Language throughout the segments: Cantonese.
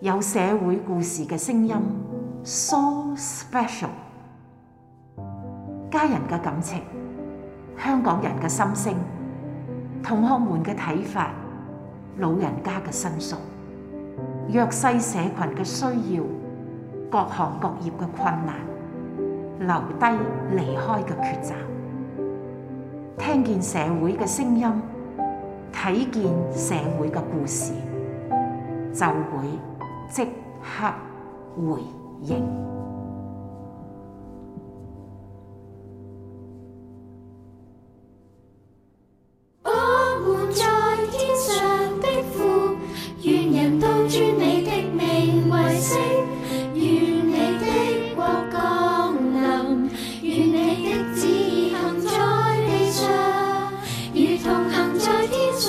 有社會故事嘅聲音，so special。家人嘅感情，香港人嘅心聲，同學們嘅睇法，老人家嘅申訴，弱勢社群嘅需要，各行各業嘅困難，留低離開嘅抉擇，聽見社會嘅聲音，睇見社會嘅故事，就會。即刻回應。我們在天上的父，願人都尊你的名為聖，願你的國降臨，願你的旨意行在地上，如同行在天上。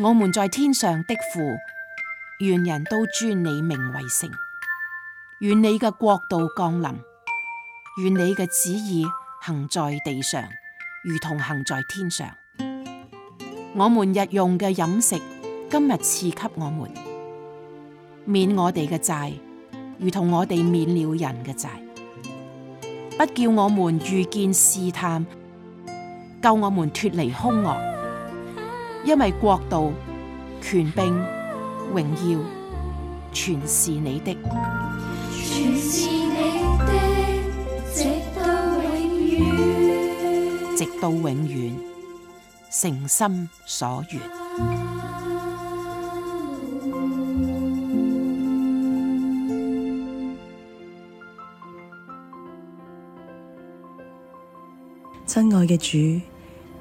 我們在天上的父。願人都尊你名為聖，願你嘅國度降臨，願你嘅旨意行在地上，如同行在天上。我們日用嘅飲食，今日賜給我們，免我哋嘅債，如同我哋免了人嘅債，不叫我們遇見試探，救我們脱離凶惡，因為國度、權柄。榮耀全是你的，全是你的，直到永遠，直到永遠，誠心所願。親愛嘅主，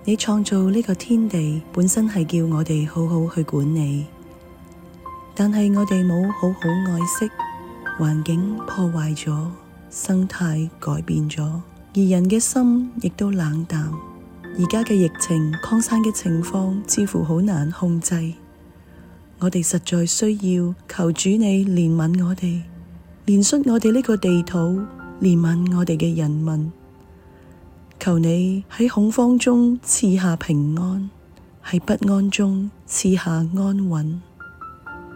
你創造呢個天地本身係叫我哋好好去管理。但係我哋冇好好愛惜，環境破壞咗，生態改變咗，而人嘅心亦都冷淡。而家嘅疫情擴散嘅情況，似乎好難控制。我哋實在需要求主你憐憫我哋，憐恤我哋呢個地土，憐憫我哋嘅人民。求你喺恐慌中賜下平安，喺不安中賜下安穩。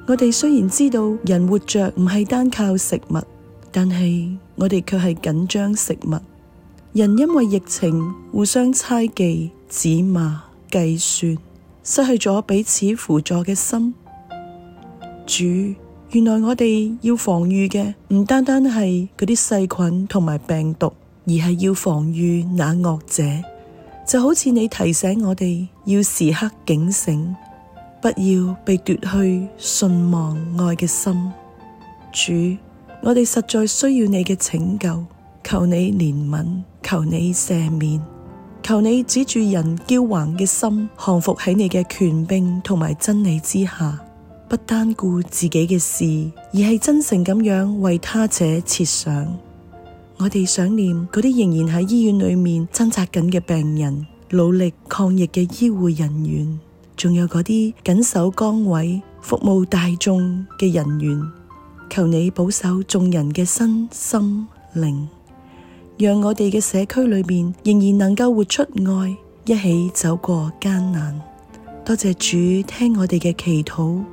我哋雖然知道人活着唔係單靠食物，但係我哋卻係緊張食物。人因為疫情互相猜忌、指罵、計算，失去咗彼此輔助嘅心。主，原來我哋要防御嘅唔單單係嗰啲細菌同埋病毒，而係要防御那惡者。就好似你提醒我哋要時刻警醒。不要被奪去信望愛嘅心，主，我哋實在需要你嘅拯救，求你憐憫，求你赦免，求你指住人驕橫嘅心，降服喺你嘅權柄同埋真理之下，不單顧自己嘅事，而係真誠咁樣為他者設想。我哋想念嗰啲仍然喺醫院裏面掙扎緊嘅病人，努力抗疫嘅醫護人員。仲有嗰啲緊守崗位、服務大眾嘅人員，求你保守眾人嘅身心靈，讓我哋嘅社區裏面仍然能夠活出愛，一起走過艱難。多謝主聽我哋嘅祈禱，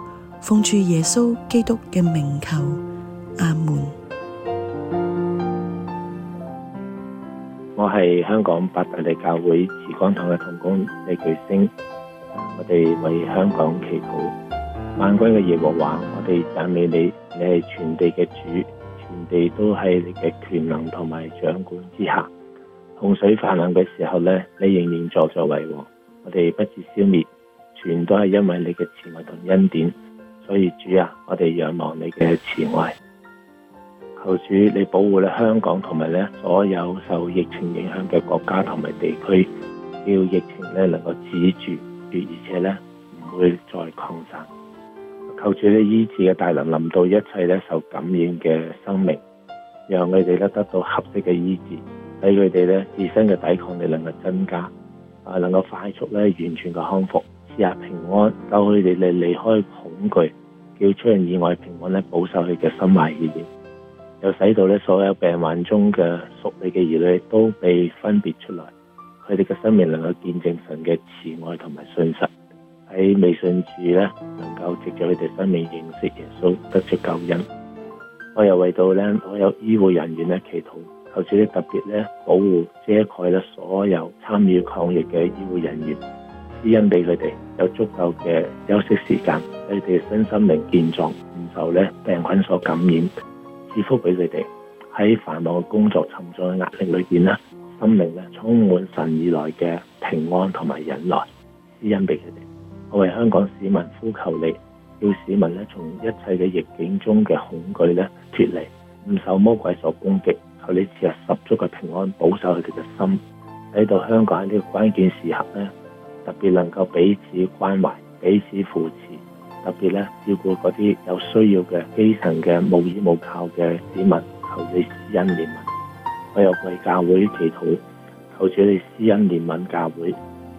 奉住耶穌基督嘅名求，阿門。我係香港伯大利教會慈光堂嘅同工李巨星。我哋為香港祈禱。萬軍嘅耶和華，我哋讚美你，你係全地嘅主，全地都喺你嘅權能同埋掌管之下。洪水泛濫嘅時候呢，你仍然坐着為王。我哋不致消滅，全都係因為你嘅慈愛同恩典。所以主啊，我哋仰望你嘅慈愛，求主你保護咧香港同埋咧所有受疫情影響嘅國家同埋地區，要疫情咧能夠止住。而且咧唔會再擴散，求住呢醫治嘅大能臨到一切咧受感染嘅生命，讓佢哋咧得到合適嘅醫治，使佢哋咧自身嘅抵抗力能夠增加，啊能夠快速咧完全嘅康復，使下平安教佢哋嚟離開恐懼，叫出人意外平安咧保守佢嘅心懷意念，又使到咧所有病患中嘅屬你嘅兒女都被分別出來。佢哋嘅生命能夠見證神嘅慈愛同埋信實，喺未信主咧，能夠藉住佢哋生命認識耶穌，得着救恩。我又為到咧所有醫護人員咧祈禱，求主呢特別咧保護遮蓋咧所有參與抗疫嘅醫護人員，施恩俾佢哋有足夠嘅休息時間，佢哋身心靈健壯，唔受咧病菌所感染，賜福俾佢哋喺繁忙嘅工作沉重嘅壓力裏邊啦。心靈咧充滿神以來嘅平安同埋忍耐，施恩俾佢哋。我為香港市民呼求你，叫市民咧從一切嘅逆境中嘅恐懼咧脫離，唔受魔鬼所攻擊，求你賜下十足嘅平安，保守佢哋嘅心。喺到香港呢個關鍵時刻咧，特別能夠彼此關懷、彼此扶持，特別咧照顧嗰啲有需要嘅基層嘅無依無靠嘅市民，求你施恩念。我又為教會祈禱，好似你施恩憐憫教會，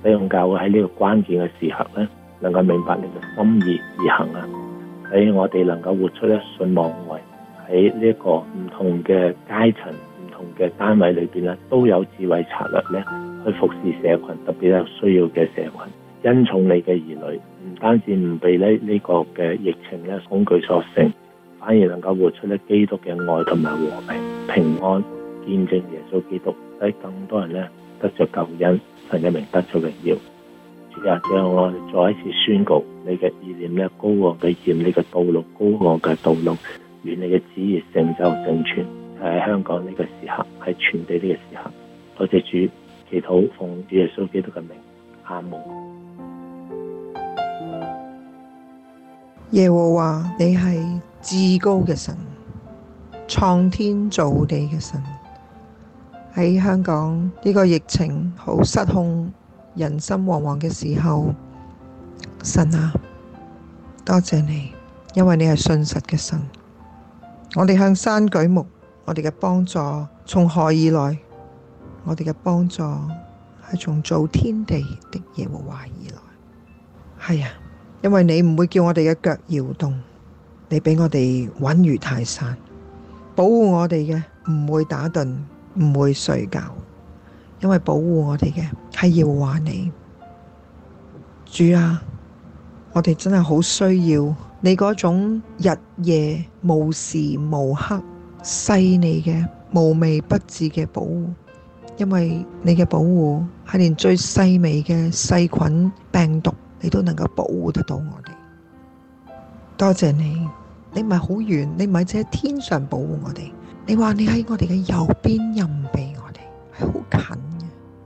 使用教會喺呢個關鍵嘅時刻咧，能夠明白你嘅心意而行啊！喺我哋能夠活出咧信望愛喺呢一個唔同嘅階層、唔同嘅單位裏邊咧，都有智慧策略咧去服侍社群，特別有需要嘅社群，恩寵你嘅兒女，唔單止唔被呢呢個嘅疫情咧恐懼所勝，反而能夠活出咧基督嘅愛同埋和平平安。見證耶穌基督，喺更多人咧得着救恩，神嘅名得咗榮耀。主啊，借我哋再一次宣告你嘅意念咧高過我嘅意念，你嘅道路高過我嘅道路，願你嘅旨意成就成全。喺、就是、香港呢個時刻，係傳遞呢個時刻。多謝主，祈禱奉，奉耶穌基督嘅名阿門。耶和華，你係至高嘅神，創天造地嘅神。喺香港呢個疫情好失控，人心惶惶嘅時候，神啊，多謝你，因為你係信實嘅神。我哋向山舉目，我哋嘅幫助從何而來？我哋嘅幫助係從造天地的耶和華而來。係啊，因為你唔會叫我哋嘅腳搖動，你俾我哋穩如泰山，保護我哋嘅唔會打頓。唔會睡覺，因為保護我哋嘅係要話你。主啊，我哋真係好需要你嗰種日夜無時無刻細膩嘅無微不至嘅保護，因為你嘅保護係連最細微嘅細菌病毒，你都能夠保護得到我哋。多謝你，你唔係好遠，你唔係只喺天上保護我哋。你話你喺我哋嘅右邊任備我哋係好近嘅，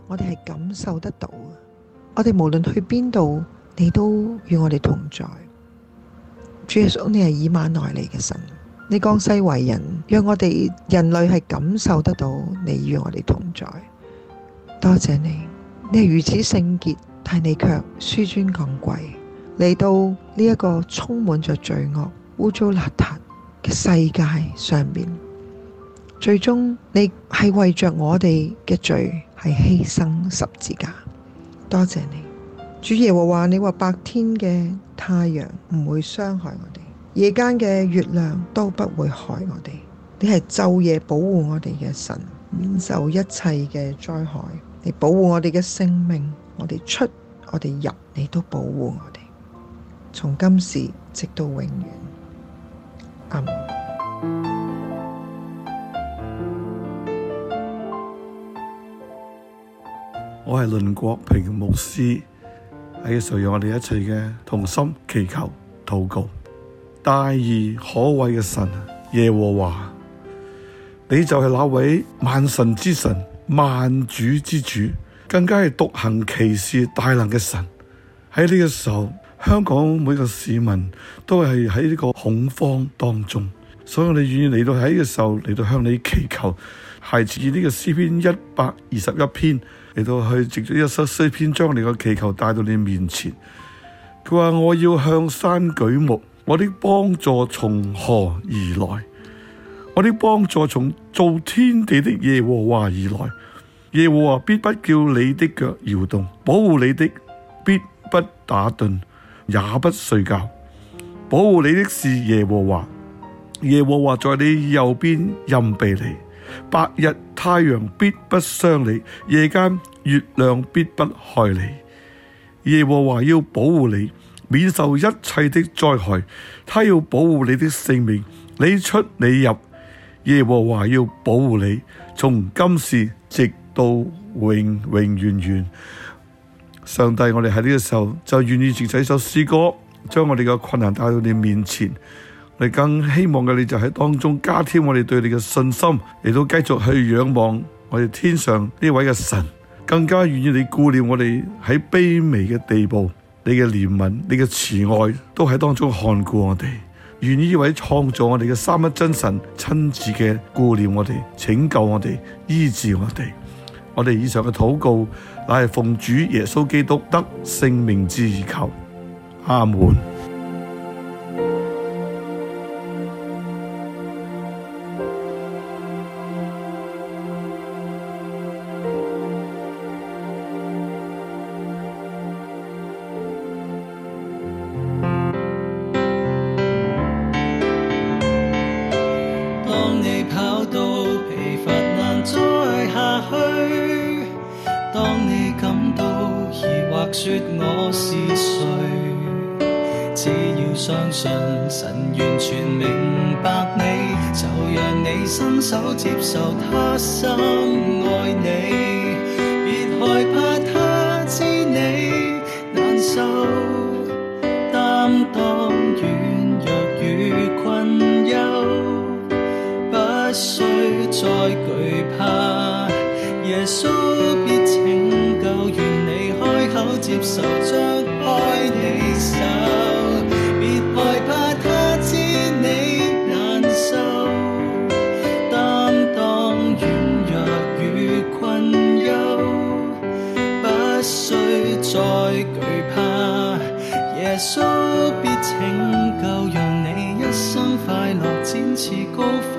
我哋係感受得到嘅。我哋無論去邊度，你都與我哋同在。主耶穌，你係以馬內利嘅神，你降世為人，讓我哋人類係感受得到你與我哋同在。多謝你，你係如此聖潔，但你卻紆尊降貴嚟到呢一個充滿着罪惡、污糟邋遢嘅世界上面。最終你係為着我哋嘅罪係犧牲十字架，多謝你主耶和華。你話白天嘅太陽唔會傷害我哋，夜間嘅月亮都不會害我哋。你係晝夜保護我哋嘅神，免受一切嘅災害，你保護我哋嘅性命。我哋出，我哋入，你都保護我哋，從今時直到永遠。阿門。我係倫國平牧師喺嘅、這個、時候，讓我哋一齊嘅同心祈求禱告。大而可畏嘅神耶和華，你就係那位萬神之神、萬主之主，更加係獨行奇事大能嘅神。喺呢個時候，香港每個市民都係喺呢個恐慌當中，所以我哋願意嚟到喺呢個時候嚟到向你祈求，係自呢個詩篇一百二十一篇。嚟到去，藉住一首詩篇將你個祈求帶到你面前。佢話：我要向山舉目，我的幫助從何而來？我的幫助從造天地的耶和華而來。耶和華必不叫你的腳搖動，保護你的必不打盹，也不睡覺。保護你的是耶和華，耶和華在你右邊任備你。白日太陽必不傷你，夜間月亮必不害你。耶和華要保護你，免受一切的災害。他要保護你的性命，你出你入。耶和華要保護你，從今時直到永永遠遠。上帝，我哋喺呢個時候就願意淨寫首詩歌，將我哋嘅困難帶到你面前。你更希望嘅，你就喺當中加添我哋對你嘅信心，嚟到繼續去仰望我哋天上呢位嘅神，更加願意你顧念我哋喺卑微嘅地步，你嘅憐憫、你嘅慈愛都喺當中看顧我哋，願意呢位創造我哋嘅三一真神親自嘅顧念我哋，拯救我哋，醫治我哋。我哋以上嘅禱告，乃係奉主耶穌基督得聖名之而求，阿門。當你跑到疲乏難再下去，當你感到疑惑說，我是誰，只要相信神完全明白你，就讓你伸手接受他深愛你，別害怕。接受張開你手，別害怕他知你難受。擔當軟弱與困憂，不需再懼怕耶。耶穌，必拯救，讓你一生快樂展翅高飛。